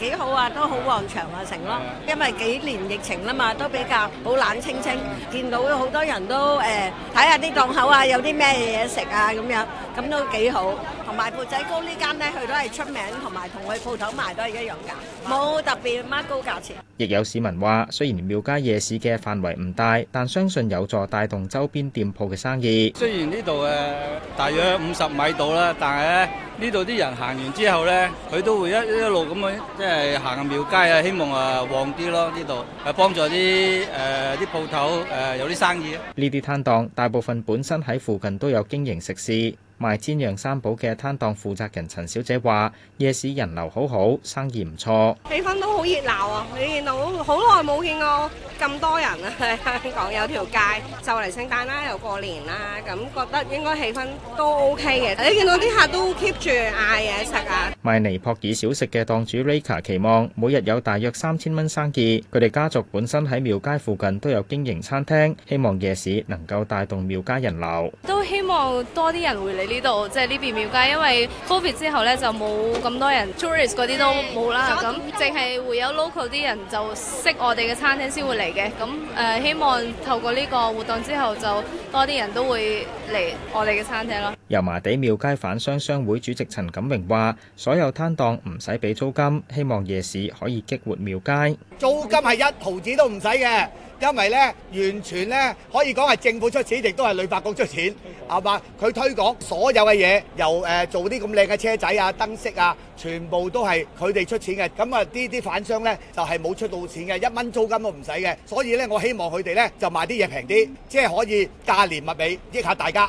幾好啊，都好旺場啊成咯，因為幾年疫情啦嘛，都比較好冷清清，見到好多人都誒睇下啲檔口啊，有啲咩嘢食啊咁樣，咁都幾好。同埋缽仔糕呢間咧，佢都係出名，同埋同佢鋪頭賣都係一樣㗎，冇特別乜高價錢。亦有市民話，雖然廟街夜市嘅範圍唔大，但相信有助帶動周邊店鋪嘅生意。雖然呢度誒大約五十米度啦，但係咧呢度啲人行完之後咧，佢都會一一路咁樣。即係行下廟街啊，希望啊旺啲咯，呢度啊幫助啲誒啲鋪頭誒、呃、有啲生意。呢啲攤檔大部分本身喺附近都有經營食肆。賣煎釀三寶嘅攤檔負責人陳小姐話：夜市人流好好，生意唔錯，氣氛都好熱鬧啊！你見到好耐冇見過咁多人啊，香港有條街就嚟聖誕啦，又過年啦，咁覺得應該氣氛都 OK 嘅。你見到啲客都 keep 住嗌嘢食啊！賣尼泊爾小食嘅檔主 Rika 期望每日有大約三千蚊生意。佢哋家族本身喺廟街附近都有經營餐廳，希望夜市能夠帶動廟街人流。都希望多啲人會嚟。呢度即係呢邊廟街，因為 COVID 之後呢，就冇咁多人，tourist 嗰啲都冇啦，咁淨係會有 local 啲人就識我哋嘅餐廳先會嚟嘅。咁誒、呃，希望透過呢個活動之後，就多啲人都會嚟我哋嘅餐廳咯。油麻地廟街販商商會主席陳錦榮話，所有攤檔唔使俾租金，希望夜市可以激活廟街。租金係一毫子都唔使嘅。因為呢，完全呢可以講係政府出錢，亦都係旅發局出錢，係嘛？佢推廣所有嘅嘢，由、呃、做啲咁靚嘅車仔啊、燈飾啊，全部都係佢哋出錢嘅。咁啊，啲啲販商呢，就係冇出到錢嘅，一蚊租金都唔使嘅。所以呢，我希望佢哋呢，就賣啲嘢平啲，即係可以價廉物美，益下大家。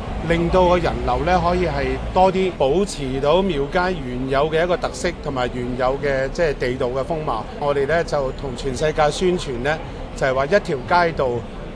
令到個人流咧可以係多啲，保持到廟街原有嘅一個特色，同埋原有嘅即係地道嘅風貌。我哋咧就同全世界宣傳咧，就係話一條街道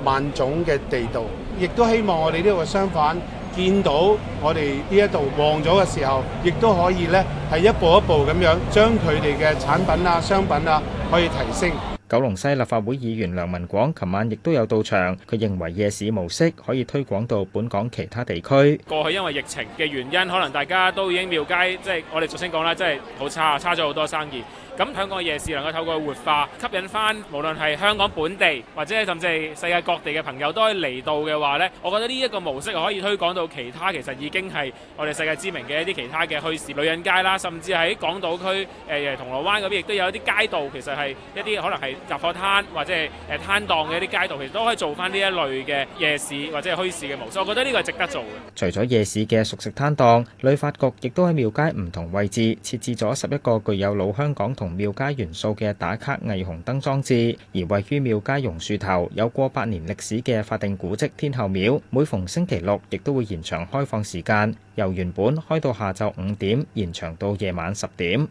萬種嘅地道，亦都希望我哋呢度嘅商販，見到我哋呢一度旺咗嘅時候，亦都可以咧係一步一步咁樣將佢哋嘅產品啊、商品啊可以提升。九龍西立法會議員梁文廣琴晚亦都有到場，佢認為夜市模式可以推廣到本港其他地區。過去因為疫情嘅原因，可能大家都已經廟街，即係我哋首先講啦，即係好差，差咗好多生意。咁香港嘅夜市能夠透過活化，吸引翻無論係香港本地或者係甚至世界各地嘅朋友都可以嚟到嘅話咧，我覺得呢一個模式係可以推廣到其他，其實已經係我哋世界知名嘅一啲其他嘅墟市、女人街啦，甚至喺港島區誒銅鑼灣嗰邊亦都有一啲街道，其實係一啲可能係。雜貨攤或者係誒攤檔嘅一啲街道，其實都可以做翻呢一類嘅夜市或者係墟市嘅模式。我覺得呢個係值得做嘅。除咗夜市嘅熟食攤檔，旅發局亦都喺廟街唔同位置設置咗十一個具有老香港同廟街元素嘅打卡霓虹燈裝置。而位於廟街榕樹頭有過百年歷史嘅法定古蹟天后廟，每逢星期六亦都會延長開放時間，由原本開到下晝五點，延長到夜晚十點。